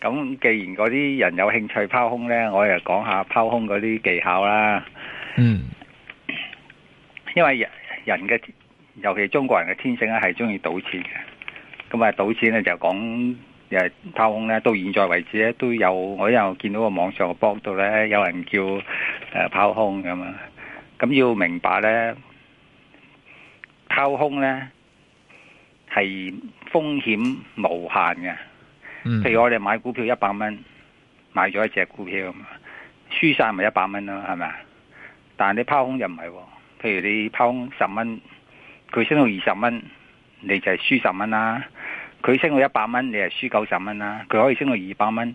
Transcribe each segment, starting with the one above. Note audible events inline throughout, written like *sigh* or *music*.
咁既然嗰啲人有興趣拋空咧，我又講下拋空嗰啲技巧啦。嗯，因為人嘅，尤其中國人嘅天性咧係中意賭錢嘅。咁啊，賭錢咧就講誒拋空咧，到現在為止咧都有，我又見到個網上個 blog 度咧有人叫誒呃拋空咁啊。咁要明白咧，拋空咧係風險無限嘅。嗯、譬如我哋買股票一百蚊，買咗一隻股票，輸晒咪一百蚊咯，係咪啊？但你拋空就唔係，哦，譬如你拋空十蚊，佢升到二十蚊，你就係輸十蚊啦；佢升到一百蚊，你係輸九十蚊啦；佢可以升到二百蚊，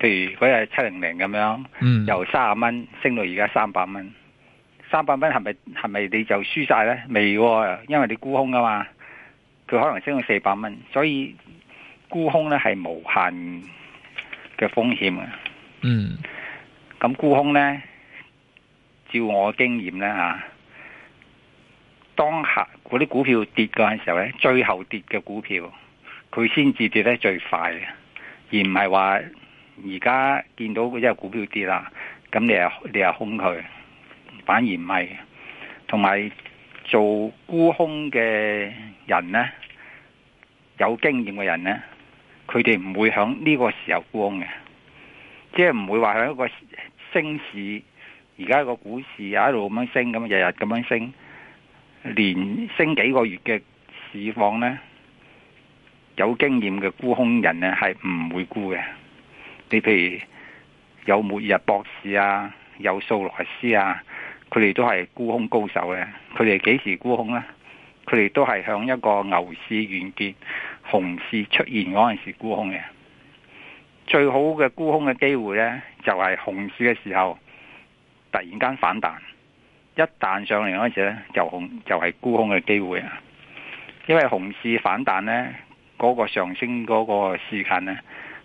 譬如嗰日七零零咁樣，嗯、由三十蚊升到而家三百蚊，三百蚊係咪係咪你就輸晒咧？未，哦，因為你沽空啊嘛。佢可能升到四百蚊，所以沽空咧，係無限嘅風險嘅。嗯，咁沽空咧，照我經驗咧啊，當下嗰啲股票跌嗰陣時候咧，最後跌嘅股票，佢先至跌得最快嘅，而唔係話而家見到一個股票跌啦，咁你又你又空佢，反而唔係，同埋。做沽空嘅人呢，有經驗嘅人呢，佢哋唔會響呢個時候沽嘅，即係唔會話喺一個升市，而家個股市啊一度咁樣升，咁日日咁樣升，連升幾個月嘅市況呢，有經驗嘅沽空人呢係唔會沽嘅。你譬如有末日博士啊，有索羅斯啊。佢哋都係沽空高手咧，佢哋幾時沽空呢？佢哋都係向一個牛市完結、熊市出現嗰陣時沽空嘅。最好嘅沽空嘅機會呢，就係熊市嘅時候，突然間反彈，一旦上嚟嗰陣時咧，就熊就係沽空嘅機會啊！因為熊市反彈呢，嗰個上升嗰個時間呢，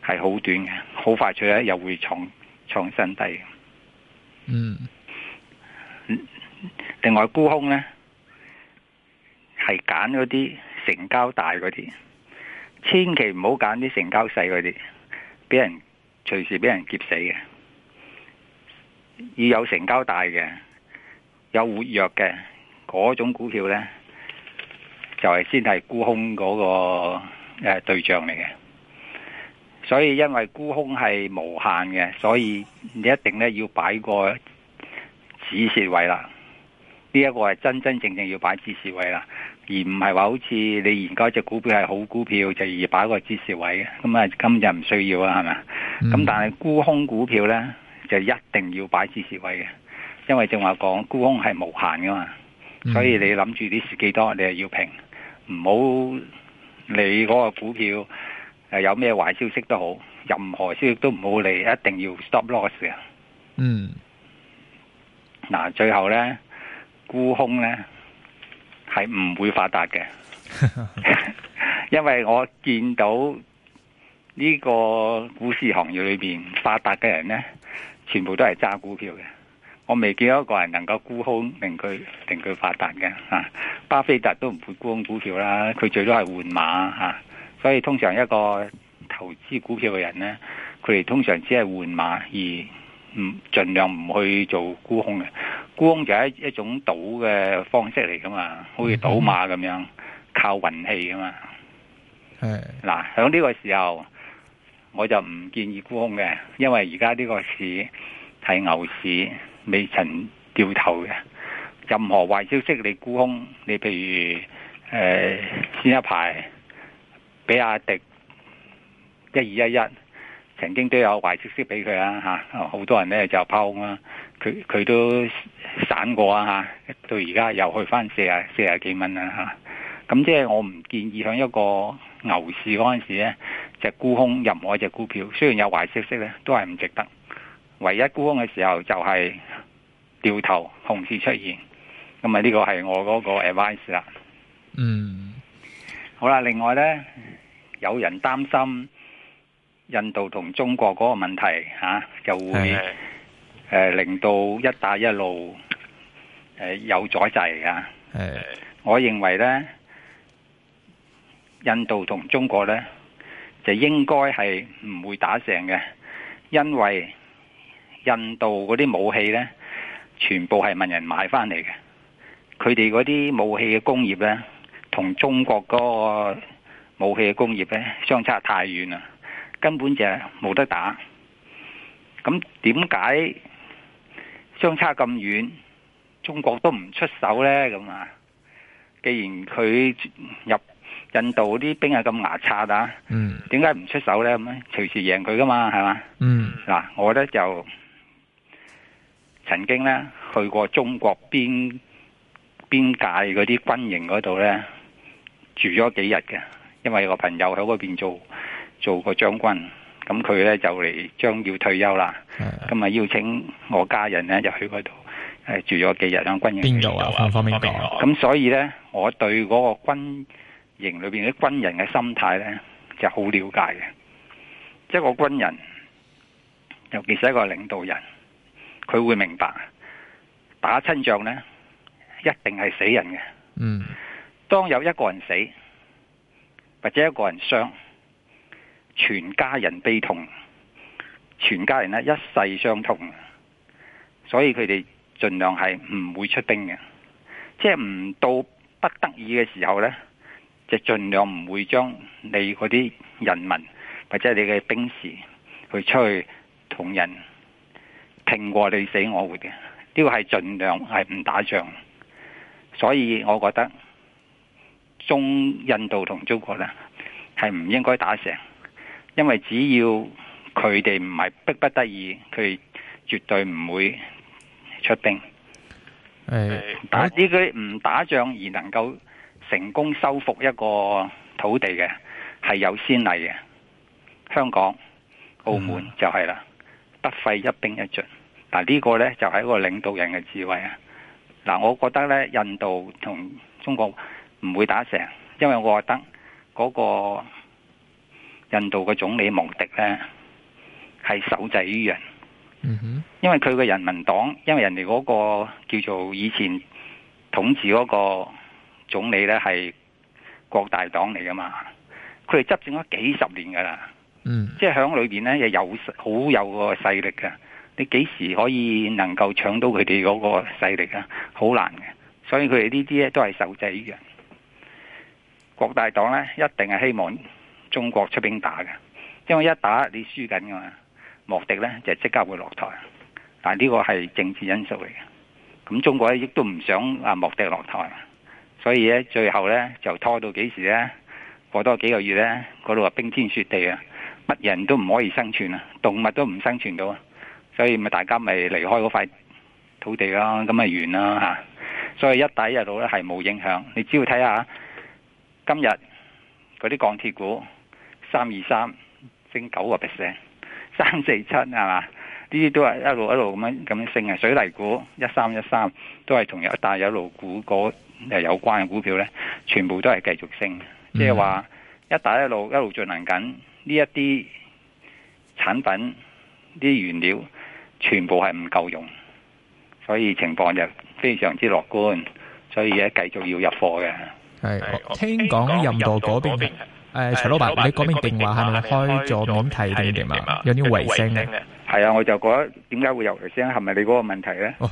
係好短嘅，好快脆咧又會創創新低。嗯。另外沽空呢係揀嗰啲成交大嗰啲，千祈唔好揀啲成交細嗰啲，俾人隨時俾人劫死嘅。要有成交大嘅，有活躍嘅嗰種股票呢，就係先係沽空嗰個誒對象嚟嘅。所以因為沽空係無限嘅，所以你一定呢要擺過止蝕位啦。呢一個係真真正正要擺止蝕位啦，而唔係話好似你研究一隻股票係好股票就而擺個止蝕位嘅，咁啊根本唔需要啊，係咪？咁、嗯、但係沽空股票呢，就一定要擺止蝕位嘅，因為正話講沽空係無限噶嘛，嗯、所以你諗住啲時幾多，你就要平，唔好你嗰個股票有咩壞消息都好，任何消息都唔好嚟，一定要 stop loss 嘅。嗯。嗱、啊，最後呢。沽空呢係唔會發達嘅， *laughs* 因為我見到呢個股市行業裏邊發達嘅人呢，全部都係揸股票嘅，我未見到一個人能夠沽空令佢令佢發達嘅吓，巴菲特都唔會沽空股票啦，佢最多係換馬吓、啊，所以通常一個投資股票嘅人呢，佢哋通常只係換馬而唔盡量唔去做沽空嘅。沽空就係一一種賭嘅方式嚟噶嘛，好似賭馬咁樣，靠運氣噶嘛。係嗱的，響呢個時候，我就唔建議沽空嘅，因為而家呢個市係牛市，未曾掉頭嘅。任何壞消息你沽空，你譬如，誒、先、呃、一排，比亞迪一二一一，11，曾經都有壞消息俾佢啦。吓，好多人咧就拋空啦。佢佢都散過啊，到而家又去翻四十、四十幾蚊啊，吓，咁即係我唔建議喺一個牛市嗰陣時咧，就沽空任何一隻股票，雖然有壞消息咧，都係唔值得。唯一沽空嘅時候就係掉頭熊市出現，咁啊呢個係我嗰個 advice 啦。嗯，好啦，另外咧，有人擔心印度同中國嗰個問題吓，啊，就會。誒令到一帶一路誒有宰制㗎！誒，我認為咧，印度同中國咧就應該係唔會打成嘅，因為印度嗰啲武器咧，全部係問人買翻嚟嘅，佢哋嗰啲武器嘅工業咧，同中國嗰個武器嘅工業咧，相差太遠啦，根本就係冇得打。咁點解？相差咁遠，中國都唔出手呢？咁啊，既然佢入印度啲兵係咁牙擦，啊，點解唔出手呢？咁樣隨時贏佢噶嘛，係嘛？嗱，mm. 我呢就曾經呢去過中國邊邊界嗰啲軍營嗰度呢，住咗幾日嘅，因為有個朋友喺嗰邊做做過將軍。咁佢咧就嚟將要退休啦，咁啊的邀請我家人咧就去嗰度誒住咗幾日響軍營邊度啊？咁、啊、所以咧我對嗰個軍營裏邊啲軍人嘅心態咧就好了解嘅，即係個軍人尤其是一個領導人，佢會明白打親仗咧一定係死人嘅。嗯，當有一個人死或者一個人傷。全家人悲痛，全家人咧一世傷痛，所以佢哋盡量係唔會出兵嘅，即係唔到不得已嘅時候呢，就盡量唔會將你嗰啲人民或者你嘅兵士去出去同人拼過你死我活嘅。呢個係盡量係唔打仗，所以我覺得中印度同中國呢，係唔應該打成。因為只要佢哋唔係逼不得已，佢絕對唔會出兵。誒，打呢啲唔打仗而能夠成功收復一個土地嘅，係有先例嘅。香港、澳門就係啦，不費一兵一卒。嗱，呢個咧就係一個領導人嘅智慧啊。嗱，我覺得咧，印度同中國唔會打成，因為我覺得嗰個。印度嘅總理莫迪咧，係受制於人。嗯哼，因為佢嘅人民黨，因為人哋嗰個叫做以前統治嗰個總理咧，係國大黨嚟噶嘛，佢哋執政咗幾十年噶啦。嗯，即係響裏邊咧，又有好有個勢力嘅。你幾時可以能夠搶到佢哋嗰個勢力啊？好難嘅。所以佢哋呢啲咧都係受制於人。國大黨咧，一定係希望中國出兵打嘅，因為一打你輸緊噶嘛，莫迪呢就即刻會落台。但係呢個係政治因素嚟嘅，咁中國咧亦都唔想啊莫迪落台，所以咧最後呢就拖到幾時呢？過多幾個月呢？嗰度啊冰天雪地啊，乜人都唔可以生存啊，動物都唔生存到啊，所以咪大家咪離開嗰塊土地咯，咁咪完啦吓。所以一打入到呢係冇影響，你只要睇下今日嗰啲鋼鐵股。三二三升九個 percent，三四七係嘛？呢啲都係一路一路咁樣咁樣升啊！水泥股13 13, 一三一三都係同一帶一路股嗰有關嘅股票呢，全部都係繼續升，即係話一帶一路一路進行緊呢一啲產品啲原料全部係唔夠用，所以情況就非常之樂觀，所以而家繼續要入貨嘅。係聽講印度嗰邊。誒、哎，徐老闆，你嗰邊電話係咪開咗？咁睇定嘛？有啲回聲嘅。係啊，我就覺得點解會有回聲？係咪你嗰個問題咧、哦？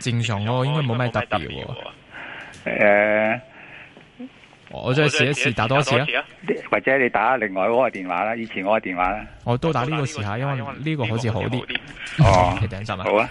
正常咯，應該冇咩特別。誒、嗯，我再試一試打多次啊，或者你打另外嗰個電話啦，以前嗰個電話啦。我都打呢個試下，因為呢個好似好啲。好好一哦，係點啊？好啊。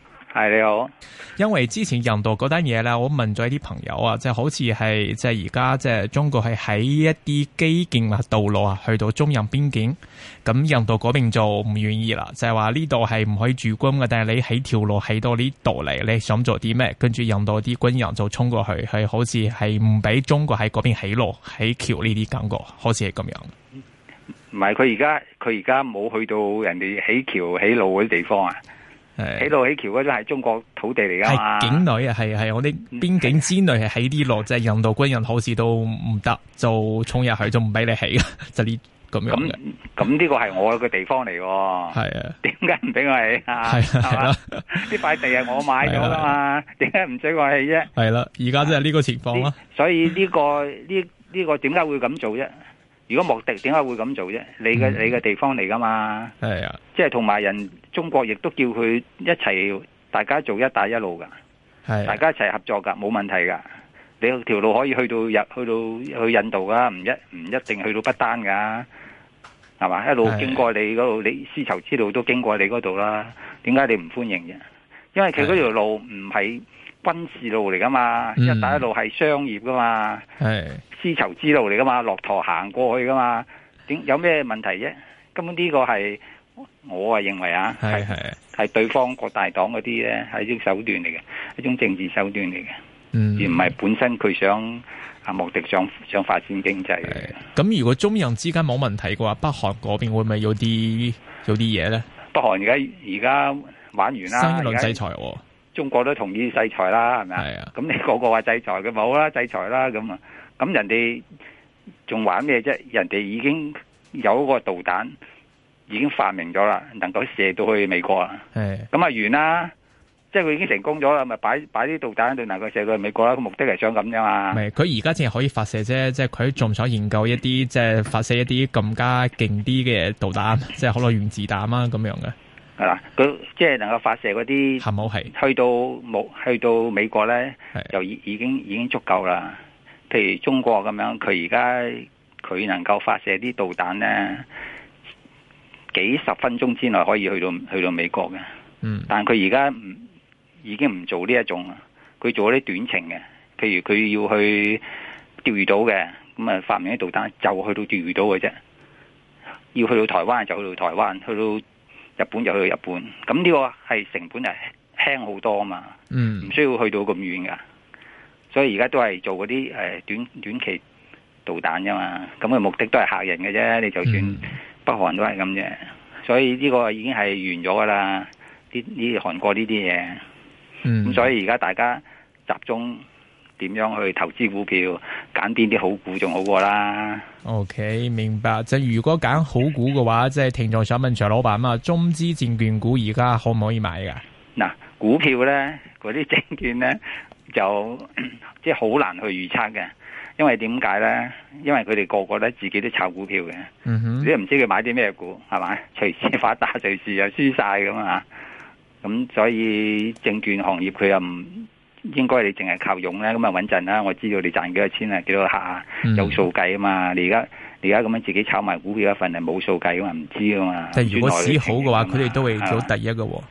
係，你好，因為之前印度嗰單嘢咧，我問咗啲朋友啊，即係好似係即係而家即係中國係喺一啲基建啊道路啊，去到中印邊境，咁印度嗰邊就唔願意啦，就係話呢度係唔可以駐軍嘅，但係你起條路起到呢度嚟，你想做啲咩？跟住印度啲軍人就衝過去，佢好似係唔俾中國喺嗰邊起路起橋呢啲感覺，好似係咁樣。唔係佢而家佢而家冇去到人哋起橋起路嗰啲地方啊。是起度起橋嗰種係中國土地嚟噶，係境內啊，係，係我啲邊境之內，係喺啲落，即印度軍人好似都唔得，就衝入去就唔俾你起噶，就呢咁樣。咁咁呢個係我嘅地方嚟，係啊？點解唔俾我起呢啊？係啦，呢塊地係我買咗啦嘛，點解唔使我起啫？係啦，而家即係呢個情況啦、啊。所以、這個這個這個、這樣呢個呢呢個點解會咁做啫？如果莫迪點解會咁做啫？你嘅、嗯、你嘅地方嚟噶嘛？係啊，即係同埋人中國亦都叫佢一齊，大家做一帶一路噶，係、啊、大家一齊合作噶，冇問題噶。你條路可以去到日，去到去印度噶，唔一唔一定去到不丹噶，係嘛？一路經過你嗰度、啊，你絲綢之路都經過你嗰度啦。點解你唔歡迎啫？因為佢嗰條路唔係。是啊軍事路嚟噶嘛。嗯、一帶一路係商業噶嘛，絲綢是之路嚟噶嘛，駱駝行過去噶嘛，點有咩問題啫？根本呢個係我啊認為啊，係係係對方各大黨嗰啲咧，係一種手段嚟嘅。一種政治手段嚟嘅，嗯、而唔係本身佢想阿莫迪想想發展經濟嘅。咁如果中印之間冇問題嘅話，北韓嗰邊會唔會有啲有啲嘢咧？北韓而家而家玩完啦，新論制裁、哦。中國都同意制裁啦，係咪啊？咁你個個話制裁嘅，冇啦，制裁啦咁啊！咁人哋仲玩咩啫？人哋已經有個導彈已經發明咗啦，能夠射到去美國啊！咁啊完啦，即係佢已經成功咗啦，咪擺擺啲導彈對能夠射到去美國啦？個目的係想咁樣啊？係，佢而家淨係可以發射啫，即係佢仲想研究一啲即係發射一啲更加勁啲嘅導彈，即係好多原子彈啊咁樣嘅。係啦，佢即係能夠發射嗰啲係，去到冇去到美國咧，就已已經已經足夠啦。譬如中國咁樣，佢而家佢能夠發射啲導彈咧，幾十分鐘之內可以去到去到美國嘅。嗯，但係佢而家唔已經唔做呢一種啊，佢做啲短程嘅。譬如佢要去釣魚島嘅，咁啊發明啲導彈就去到釣魚島嘅啫。要去到台灣就去到台灣，去到。日本就去到日本，咁呢個係成本係輕好多啊嘛，嗯、唔需要去到咁遠噶，所以而家都係做嗰啲誒短短期導彈啫嘛，咁嘅目的都係嚇人嘅啫，你就算北韓都係咁啫，嗯、所以呢個已經係完咗噶啦，呢啲韓國呢啲嘢，咁、嗯、所以而家大家集中點樣去投資股票？揀邊啲好股仲好過啦。OK，明白。即係如果揀好股嘅話，即係聽眾想問徐老闆啊，中資證券股而家可唔可以買㗎？嗱、啊，股票咧，嗰啲證券咧，就即係好難去預測嘅，因為點解咧？因為佢哋個個咧自己都炒股票嘅，mm hmm. 你都唔知佢買啲咩股，係咪？隨時發達，隨時又輸晒咁啊！咁所以證券行業佢又唔。應該你淨係靠佣咧，咁啊穩陣啦！我知道你賺幾多錢啊，幾多客下、嗯、哼有數計啊嘛！你而家而家咁樣自己炒埋股票一份啊，冇數計噶嘛，唔知噶嘛。但係如果市好嘅話，佢哋、嗯、哼都會做第一個噶、哦。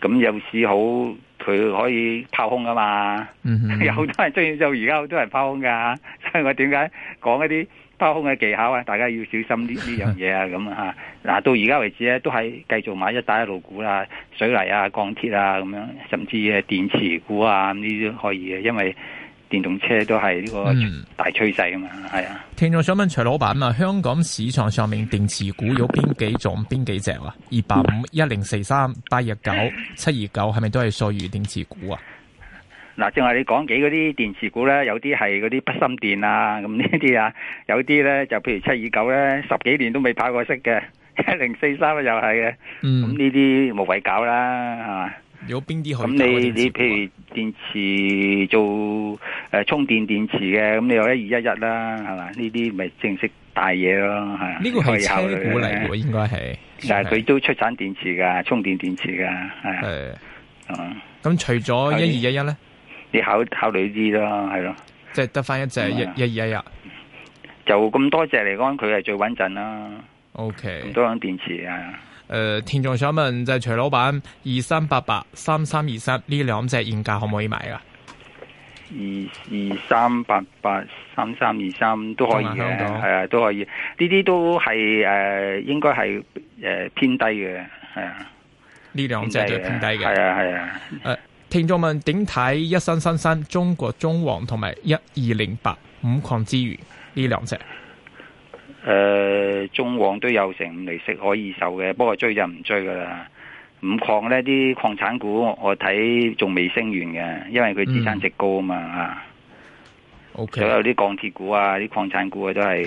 咁、嗯、哼有市好，佢可以拋空啊嘛。嗯哼 *laughs* 有，有好多人中意做，而家好多人拋空噶。所以我點解講一啲？沽空嘅技巧啊，大家要小心呢呢樣嘢啊，咁啊嗱，到而家為止咧都係繼續買一帶一路股啦、水泥啊、鋼鐵啊咁樣，甚至誒電池股啊呢啲都可以嘅，因為電動車都係呢個大趨勢啊嘛，係、嗯、啊。聽眾想問徐老闆啊，香港市場上面電池股有邊幾種、邊幾隻啊？二八五一零四三、八一九、七二九，係咪都係屬於電池股啊？嗱，正話你講幾嗰啲電池股咧，有啲係嗰啲不心電啊，咁呢啲啊，有啲咧就譬如七二九咧，十幾年都未拍過息嘅，一零四三又係嘅，咁呢啲無謂搞啦，係嘛？有邊啲？咁你你譬如電池做誒、呃、充電電池嘅，咁你有一二一一啦，係嘛？呢啲咪正式大嘢咯，係啊？呢個係車股嚟嘅，應該係，但係佢都出產電池噶，充電電池噶，係。咁除咗一二一一咧？你考考慮啲啦，係咯，即係得翻一隻、嗯啊、一一二、一日，就咁多隻嚟講，佢係最穩陣啦。O K，咁多安電池啊。誒，聽眾想問就徐老闆，二三八八三三二三呢兩隻現價可唔可以買啊？二二三八八三三二三都可以嘅，係啊，都可以。呢啲都係誒、呃，應該係誒偏低嘅，係啊，呢兩隻就偏低嘅，係啊，係啊，誒。聽眾問點睇一三三三中國中王同埋一二零八五礦資源呢兩隻？誒、呃，中王都有成五厘息可以收嘅，不過追就唔追噶啦。五礦呢啲礦產股我睇仲未升完嘅，因為佢資產值高啊嘛。O K，所有啲鋼鐵股啊、啲礦產股啊都係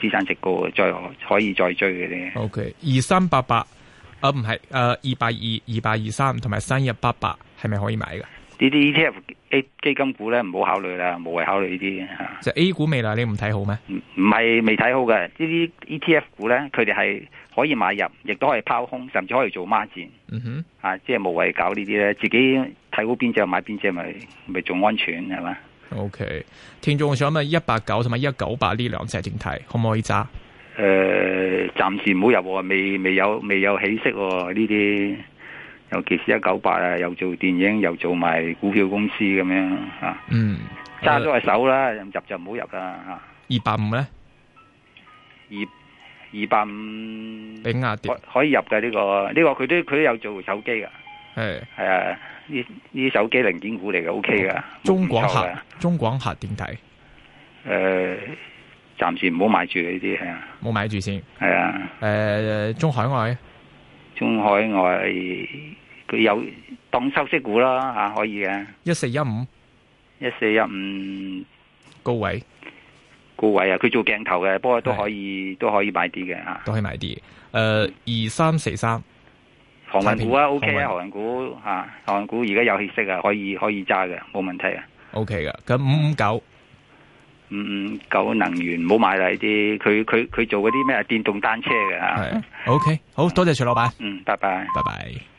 資產值高再可以再追嘅啲。O K，二三八八。啊，唔係、哦，誒，二百二、二百二三，同埋三一八八，係咪可以買嘅？呢啲 ETF A 基金股咧，唔好考慮啦，冇謂考慮呢啲啊。就 A 股未來你唔睇好咩？唔唔係未睇好嘅，呢啲 ETF 股咧，佢哋係可以買入，亦都可以拋空，甚至可以做孖展。嗯哼，啊，即係無謂搞呢啲咧，自己睇好邊隻就買邊隻，咪咪仲安全係嘛？OK，聽眾我想問，一百九同埋一九八呢兩隻點睇，可唔可以揸？誒，暫、呃、時唔好入喎，未未有未有起色喎、喔，呢啲尤其是一九八啊，又做電影，又做埋股票公司咁樣啊。嗯，揸咗一手啦，入就唔好入啦吓。二八五咧？二二八五，壓可以入嘅呢、這個呢、這個佢都佢都有做手機噶。係係的啊，呢呢手機零件股嚟嘅，OK 噶。中廣核不不中廣核點睇？誒、呃。暫時唔好買住呢啲啊，冇買住先，係啊，誒、呃，中海外，中海外佢有當收息股啦吓，可以嘅，一四一五，一四一五高位，高位啊，佢做鏡頭嘅，不過都可以，是都可以買啲嘅吓，都可以買啲，誒、呃，二三四三，航運股啊，OK 啊，航運股吓，航運股而家有血色啊，可以可以揸嘅，冇問題啊，OK 嘅。咁五五九。五五九能源唔好買啦，啲佢佢佢做嗰啲咩電動單車嘅啊。OK，好多謝徐老闆。嗯，拜拜，拜拜。